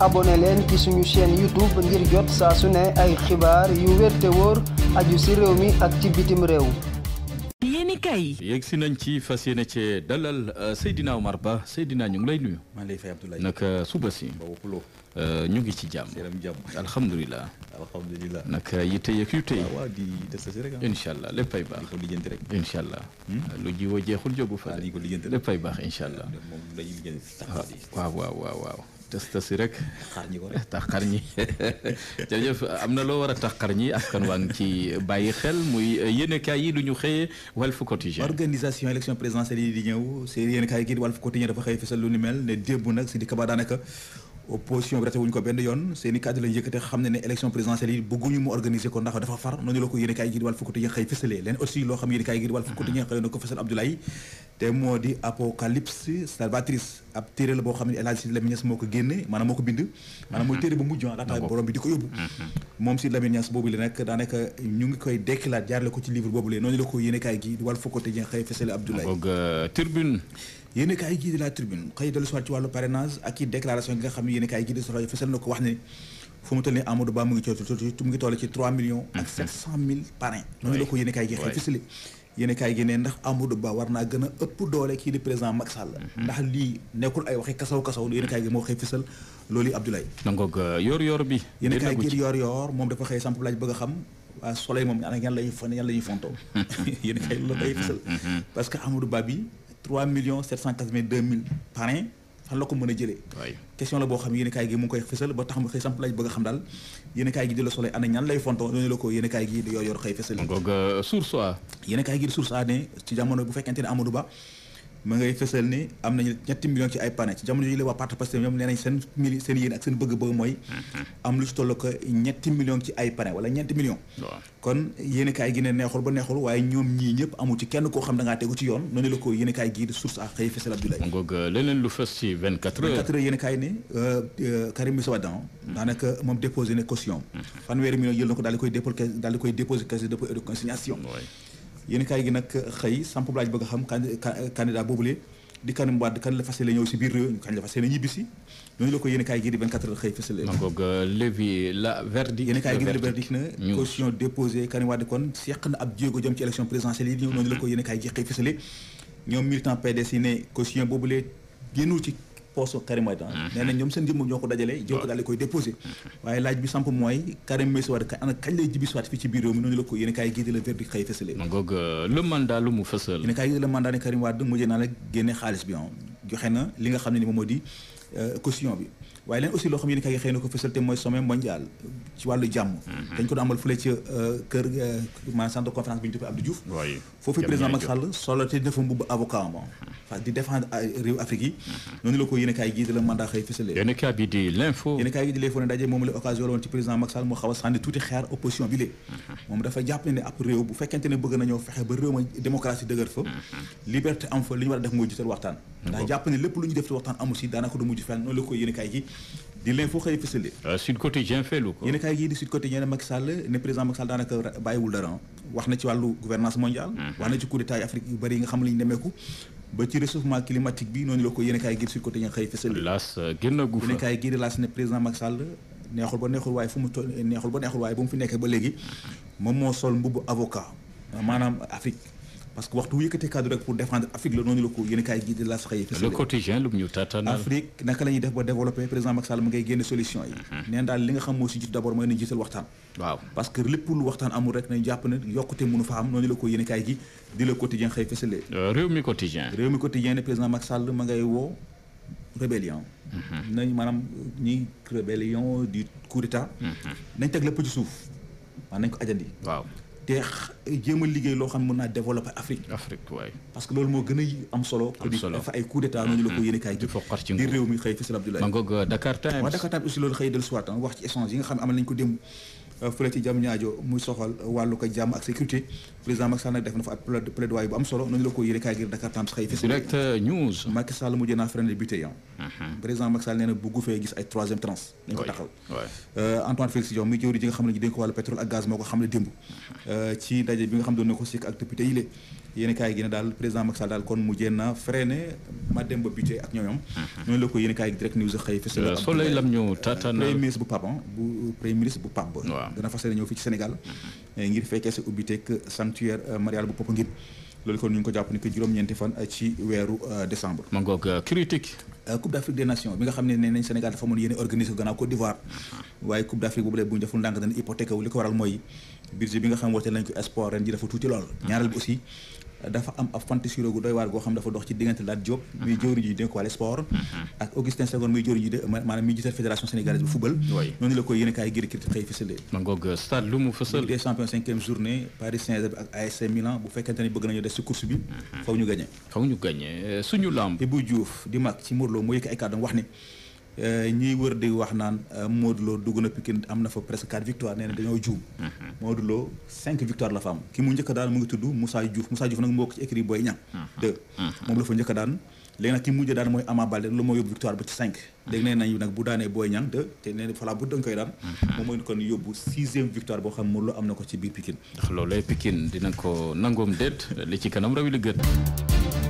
abonné leen ci suñu chaîne YouTube ngir jot saa su ne ay xibaar yu wér te wóor aju ci réew mi ak ci bitim réew. yéeg si nañ ci fas yéene ci dalal euh, Seydina Omar Ba Seydina ñu ngi lay nuyu. maa ngi lay fay naka suba si. Euh, ñu ngi ci jàmm. jàmm alhamdulilah. alhamdulilah naka yi tey ak yu tey. waaw di des rek ah. incha baax. ko lijjanti rek. incha allah. Hmm? lu jiwoo jeexul jógu fa. waaw ah, ko lijjanti léppay baax incha allah. moom ah, waaw waaw tës tësi rek. xar ñi ko rek taxar ñi jërëjëf am na loo war a taxar ñi askan waa ngi ci bàyyi xel muy eh, kaay yi lu ñu xëyee Walf Quotidien. organisation élection présidentielle yi di ñëw seen yéenekaay gi di Walf Quotidien dafa xëy fësal lu ni mel ne démb nag si di kaba daanaka. opposition bi rate wuñu ko benn yoon seen i kàddu lañu yëkkate xam ne ne élection présidentielle yi bëgguñu mu organiser ko ndax dafa far noonu la ko yéen i gi di wàll fukkati te moo di apocalypse salvatrice yéen kaay gii di la tribune xëy dellu soit ci wàllu parrainage ko wax ne fu mu toll nii Amadou mu ngi cootu ci 3 millions ak 700 mm-hmm. mille parrain mu ngi la ko ndax Amadou war naa gën a ëpp doole kii di président Macky Sall mm-hmm. ndax lii nekkul ay waxi kasaw kasaw yéen kaay gi moo xëy fësal loolu yi Abdoulaye nangoog yoor yoor yoor moom dafa xëy samp bëgg xam waa Soleil moom ñan la ñuy ñan la ñuy fontoo yéen kaay la xëy fësal mm-hmm. parce que Amadou 3 millions 782 mille parrain fan la ko mën a jëlee. question la boo xam yéen kaay gi mu ngi koy fësal ba tax ma bëgg xam daal yéen kaay gi di la soxla ana ñan lay fonto ñu la ko yéen kaay gi di yor yor xëy fësal. Euh, source a. yéen kaay gi di source a ci jamono bu fekkente ne Ba. ma ngay fësal ni am nañu ñetti millions ci ay panne ci jamono jii la waa parti Pastef ñoom nee nañ seen mili seen yéen ak seen bëgg-bëgg mooy. Mm-hmm. am lu ci toll ko ñetti millions ci ay panne wala ñetti millions. kon yéen gi ne neexul ba neexul waaye ñoom ñii ñëpp amu ci kenn koo xam da ngaa tegu ci yoon noonu la ko yéen kaay gii di source ak xëy fësal Abdoulaye. ngoog euh, leneen lu fës ci 24 heures. 24 heures yéen kaay ne euh, euh, Karim Meïssa mm-hmm. daanaka moom déposé na caution. Mm-hmm. fanweeri millions jël na ko daal yéen kaay gi nag xëy samp laaj bëgg a xam candidat boobule di Karim Wade la fas yéene ñëw si biir réew kan la fas yéene ñibbisi ñooñu la ko yéen kaay gi di 24 na euh, caution déposée Karim Wade kon seq na ab jéego jëm ci élection présidentielle yi ñëw ñooñu la ko yéen kaay gi xëy fësale ñoom militant PDS yi ne caution boobule génnul ci poste Karim Wade mhm. nee na ñoom seen jëmm ñoo ko dajale jëw ko daal di koy déposé mhm. waaye laaj bi samp mooy Karim Meïssa euh, ah. joxe na li nga xam ne ni moom moo di euh, caution bi waaye leen aussi loo xam ne yéen xëy na ko fësal te mooy sommet mondial ci wàllu jàmm mhm. dañ ko amal fële ci euh, kër maanaam centre conférence bi ñu tuddee Abdou Diouf foofu président Macky Sall solo te dafa mbubb avocat ah. di défendre réew Afrique yi noonu la ko yéen a kaay gii di la mandat xëy fësale yéen a kaay bi di l'info yéen a kaay bi di l'info ne daje moom la occasion la woon ci président Macky Sall moo xaw a sànni tuuti xeer opposition bi lée moom dafa jàpp ne ne ab réew bu fekkente ne bëgg nañoo fexe ba réew ma démocratie dëgër fa liberté am fa li ñu war a def mooy jiital waxtaan ndax jàpp ne lépp lu ñu def ci waxtaan amu si daanaka du mujj fenn noonu la ko yéen a kaay gi di l'info xëy fësale euh, Sud Quotidien felu ko yéen a kaay gii di Sud Quotidien Macky Sall ne président Macky Sall daanaka bàyyiwul dara wax na ci wàllu gouvernance mondiale mmh. wax na ci coup d'état Afrique yu bëri yi nga xam ne ñu demeeku ba ci réchauffement climatique bi noonu la ko yéen a kaay gi suñ ko te ñu xëy fësal laas euh, génn gu fa yéen a kaay gi laas ne président Macky Sall neexul ba neexul waaye fu mu toll neexul ba neexul waaye bu mu fi nekkee ba léegi moom moo sol mbubbu avocat maanaam Afrique parce que waxtu yëkkatee kaddu rek pour défendre Afrique la noonu la ko yéen gi di la sax yëkkati. le quotidien lu ñu tàttanal Afrique naka mu ngay génne solution yi. Mhm. neen daal li nga xam si jiitu d' mooy nañ jiital waxtaan. parce que lépp lu waxtaan amul rek nañ jàpp ne yokkute mënu fa am noonu la ko yéen gi di le quotidien xëy fësale. Euh, réew mi quotidien. réew ne président Macky Sall ma ngay woo rébellion. Mhm. nañ maanaam ñi rébellion du coup d'état. Mhm. nañ teg lépp ci te jéem liggéey loo xam ne naa développer Afrique. parce que loolu moo gën a am solo. am solo dafa ay coup d'état ñu la ko mm-hmm. yéene kaay di foqar ci réew mi xëy Fassal Abdoulaye. ma ngoog Dakar Times waaw Dakar Times aussi loolu xëy dellusiwaat ah, wax ci échange yi nga xam ne amal nañ ko démb. Euh, fële ci jam ñaajo muy soxal wàllu ko jàmm ak sécurité président Macky nag def na fa ab plaidoyer bu am solo noonu la ko yëre euh, mhm. euh, mhm. kaay gi ne daal président Macky daal kon mujjee naa freiné ma dem ba budget ak ñoom. Mhm. noonu la ko yéen direct news xëy fës la. soleil ñu taataan euh, premier ministre bu Pape bu premier bu Pape. waaw dana fas yéene sa mhm. ubbiteeg sanctuaire euh, bu ko jàpp ni que juróom-ñeenti fan euh, bi nga xam ne ne nañ Sénégal dafa mën yéene organiser ko gannaaw Côte d'Ivoire. Mhm. waaye Coupe d'Afrique boobu bu ñu deful ndànk dana hypothèque wu ko waral mooy budget bi nga xam woote nañ ko sport ren ji dafa tuuti lool. ñaareel bi aussi dafa am ab fantasiro doy waar goo xam dafa dox ci diggante Lat Diop muy mhm. jëwriñ ji dénk wàllu sport mhm. ak Augustin Senghor muy jëwriñ ji maanaam mi a kaay giri critique xëy fësale ma ngoog euh, stade lu mu fësal des champions cinquième journée bu fekkente ni bëgg nañu des ci mhm. euh, di mag ci Morlo moo yëkk ay kàddu wax ni Euh, ñuy wër di wax naan euh, Modou Lo dugg na Pikine am na fa presque quatre victoire nee na dañoo juum. Mhm. Modou Lo cinq victoire la fa am ki mu njëkk daan mu ngi tudd Moussa Diouf Moussa Diouf nag moo ko ci écrit Boy Niang. Mhm. deux mhm. moom la fa njëkk daan léegi nag ki mujj daan mooy amaa Baldé loolu moo yóbbu victoire ba ci cinq. léegi nee bu daanee Boy Niang deux te nee na falaa bu dañ koy mooy yóbbu sixième victoire boo xam Modou Lo am na ko ci biir Pikine. ndax loolee Pikine dina ko nangoom déet li ci kanam rawi li gën.